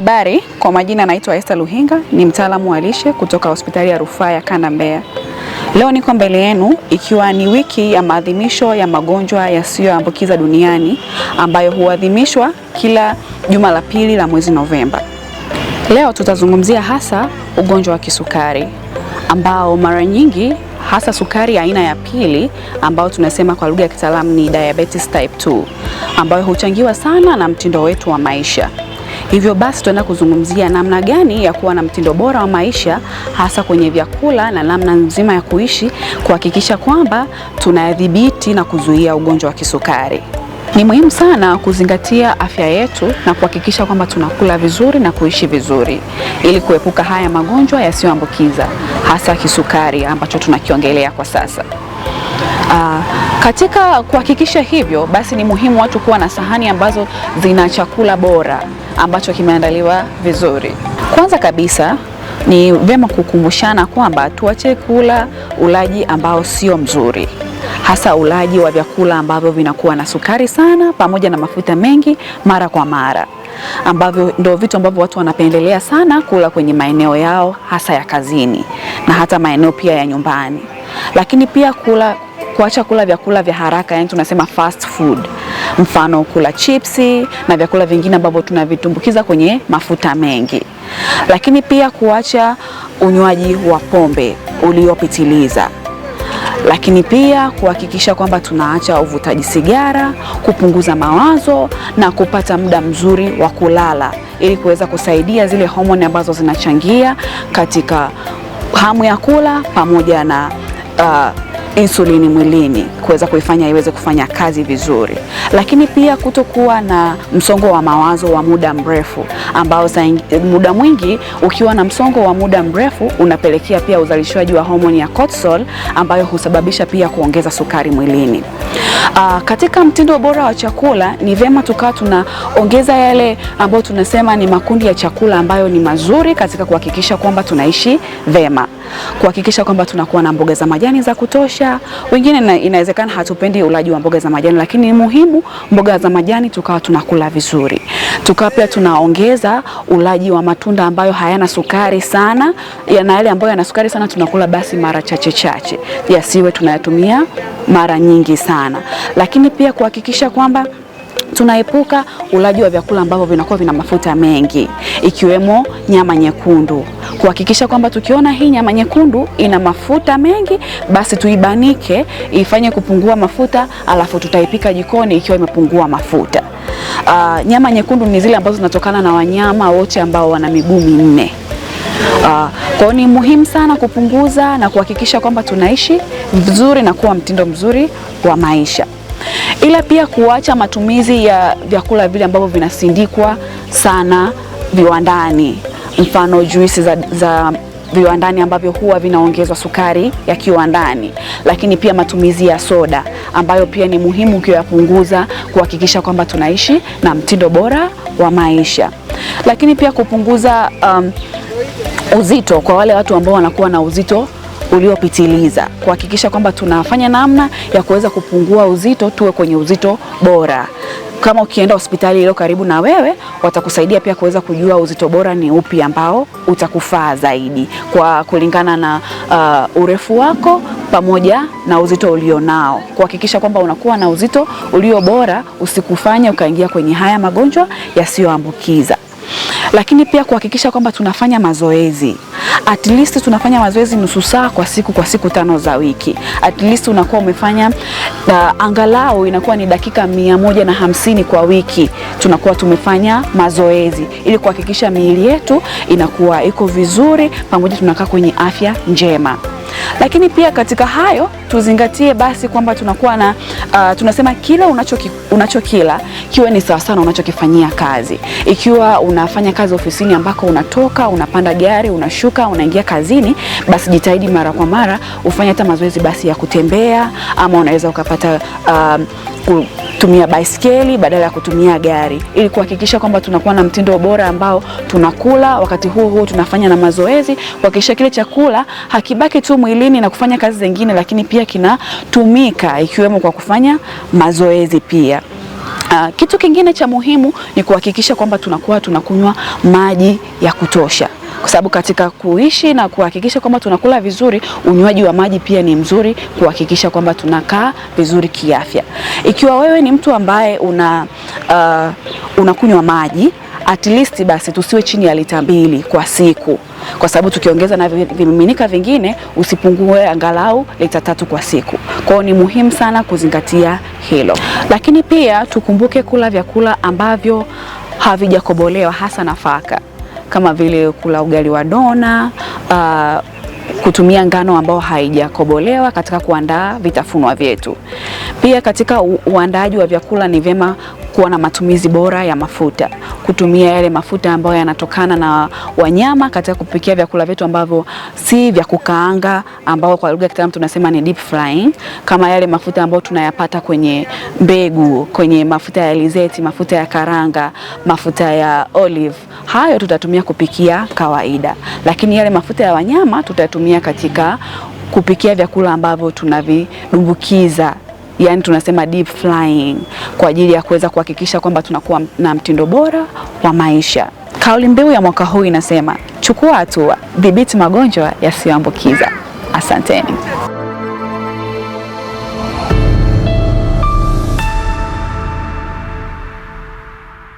Habari, kwa majina naitwa Esther Luhinga, ni mtaalamu wa lishe kutoka hospitali ya rufaa ya Kanda Mbeya. Leo niko mbele yenu ikiwa ni wiki ya maadhimisho ya magonjwa yasiyoambukiza duniani ambayo huadhimishwa kila juma la pili la mwezi Novemba. Leo tutazungumzia hasa ugonjwa wa kisukari ambao mara nyingi hasa sukari aina ya pili ambayo tunasema kwa lugha ya kitaalamu ni diabetes type 2 ambayo huchangiwa sana na mtindo wetu wa maisha. Hivyo basi tuenda kuzungumzia namna gani ya kuwa na mtindo bora wa maisha hasa kwenye vyakula na namna nzima ya kuishi kuhakikisha kwamba tunayadhibiti na kuzuia ugonjwa wa kisukari. Ni muhimu sana kuzingatia afya yetu na kuhakikisha kwamba tunakula vizuri na kuishi vizuri ili kuepuka haya magonjwa yasiyoambukiza hasa kisukari ambacho tunakiongelea kwa sasa. Uh, katika kuhakikisha hivyo, basi ni muhimu watu kuwa na sahani ambazo zina chakula bora ambacho kimeandaliwa vizuri. Kwanza kabisa ni vyema kukumbushana kwamba tuache kula ulaji ambao sio mzuri, hasa ulaji wa vyakula ambavyo vinakuwa na sukari sana pamoja na mafuta mengi mara kwa mara, ambavyo ndio vitu ambavyo watu wanapendelea sana kula kwenye maeneo yao hasa ya kazini na hata maeneo pia ya nyumbani, lakini pia kula kuacha kula vyakula vya haraka, yani tunasema fast food, mfano kula chipsi na vyakula vingine ambavyo tunavitumbukiza kwenye mafuta mengi, lakini pia kuacha unywaji wa pombe uliopitiliza lakini pia kuhakikisha kwamba tunaacha uvutaji sigara, kupunguza mawazo na kupata muda mzuri wa kulala ili kuweza kusaidia zile homoni ambazo zinachangia katika hamu ya kula pamoja na uh, insulini mwilini kuweza kuifanya iweze kufanya kazi vizuri, lakini pia kutokuwa na msongo wa mawazo wa muda mrefu, ambao muda mwingi ukiwa na msongo wa muda mrefu unapelekea pia uzalishaji wa homoni ya cortisol ambayo husababisha pia kuongeza sukari mwilini. Aa, ah, katika mtindo bora wa chakula ni vema tukawa tunaongeza yale ambayo tunasema ni makundi ya chakula ambayo ni mazuri katika kuhakikisha kwamba tunaishi vema kuhakikisha kwamba tunakuwa na mboga za majani za kutosha. Wengine inawezekana hatupendi ulaji wa mboga za majani, lakini ni muhimu mboga za majani tukawa tunakula vizuri, tukawa pia tunaongeza ulaji wa matunda ambayo hayana sukari sana, na yale ambayo yana sukari sana tunakula basi mara chache chache, yasiwe tunayatumia mara nyingi sana, lakini pia kuhakikisha kwamba tunaepuka ulaji wa vyakula ambavyo vinakuwa vina mafuta mengi ikiwemo nyama nyekundu kuhakikisha kwamba tukiona hii nyama nyekundu ina mafuta mengi, basi tuibanike ifanye kupungua mafuta, alafu tutaipika jikoni ikiwa imepungua mafuta. Uh, nyama nyekundu ni zile ambazo zinatokana na wanyama wote ambao wana miguu minne. Uh, kwao ni muhimu sana kupunguza na kuhakikisha kwamba tunaishi vizuri na kuwa mtindo mzuri wa maisha, ila pia kuacha matumizi ya vyakula vile ambavyo vinasindikwa sana viwandani mfano juisi za, za viwandani ambavyo huwa vinaongezwa sukari ya kiwandani, lakini pia matumizi ya soda ambayo pia ni muhimu kuyapunguza, kuhakikisha kwamba tunaishi na mtindo bora wa maisha, lakini pia kupunguza um, uzito kwa wale watu ambao wanakuwa na uzito uliopitiliza, kuhakikisha kwamba tunafanya namna ya kuweza kupungua uzito, tuwe kwenye uzito bora kama ukienda hospitali iliyo karibu na wewe watakusaidia pia kuweza kujua uzito bora ni upi ambao utakufaa zaidi kwa kulingana na uh, urefu wako pamoja na uzito ulionao, kuhakikisha kwamba unakuwa na uzito ulio bora, usikufanye ukaingia kwenye haya magonjwa yasiyoambukiza lakini pia kuhakikisha kwamba tunafanya mazoezi at least tunafanya mazoezi nusu saa kwa siku kwa siku tano za wiki, at least unakuwa umefanya uh, angalau inakuwa ni dakika mia moja na hamsini kwa wiki tunakuwa tumefanya mazoezi ili kuhakikisha miili yetu inakuwa iko vizuri, pamoja tunakaa kwenye afya njema. Lakini pia katika hayo tuzingatie basi kwamba tunakuwa na uh, tunasema kila unachoki, unachokila kiwe ni sawa sana unachokifanyia kazi. Ikiwa unafanya kazi ofisini ambako unatoka unapanda gari unashuka unaingia kazini, basi jitahidi mara kwa mara ufanye hata mazoezi basi ya kutembea, ama unaweza ukapata uh, tumia baiskeli badala ya kutumia gari, ili kuhakikisha kwamba tunakuwa na mtindo bora ambao tunakula wakati huo huo tunafanya na mazoezi, kuhakikisha kile chakula hakibaki tu mwilini na kufanya kazi zingine, lakini pia kinatumika ikiwemo kwa kufanya mazoezi pia. Uh, kitu kingine cha muhimu ni kuhakikisha kwamba tunakuwa tunakunywa maji ya kutosha kwa sababu katika kuishi na kuhakikisha kwamba tunakula vizuri, unywaji wa maji pia ni mzuri kuhakikisha kwamba tunakaa vizuri kiafya. Ikiwa wewe ni mtu ambaye una uh, unakunywa maji at least basi tusiwe chini ya lita mbili kwa siku, kwa sababu tukiongeza na vimiminika vingine usipungue angalau lita tatu kwa siku. Kwa hiyo ni muhimu sana kuzingatia hilo, lakini pia tukumbuke kula vyakula ambavyo havijakobolewa hasa nafaka kama vile kula ugali wa dona uh, kutumia ngano ambayo haijakobolewa katika kuandaa vitafunwa vyetu. Pia katika uandaaji wa vyakula ni vyema kuwa na matumizi bora ya mafuta, kutumia yale mafuta ambayo yanatokana na wanyama katika kupikia vyakula vyetu ambavyo si vya kukaanga, ambao kwa lugha ya kitaalamu tunasema ni deep frying, kama yale mafuta ambayo tunayapata kwenye mbegu, kwenye mafuta ya alizeti, mafuta ya karanga, mafuta ya olive. Hayo tutatumia kupikia kawaida, lakini yale mafuta ya wanyama tutatumia katika kupikia vyakula ambavyo tunavidumbukiza yani tunasema deep flying kwa ajili ya kuweza kuhakikisha kwamba tunakuwa na mtindo bora wa maisha. Kauli mbiu ya mwaka huu inasema chukua hatua, dhibiti magonjwa yasiyoambukiza. Asanteni.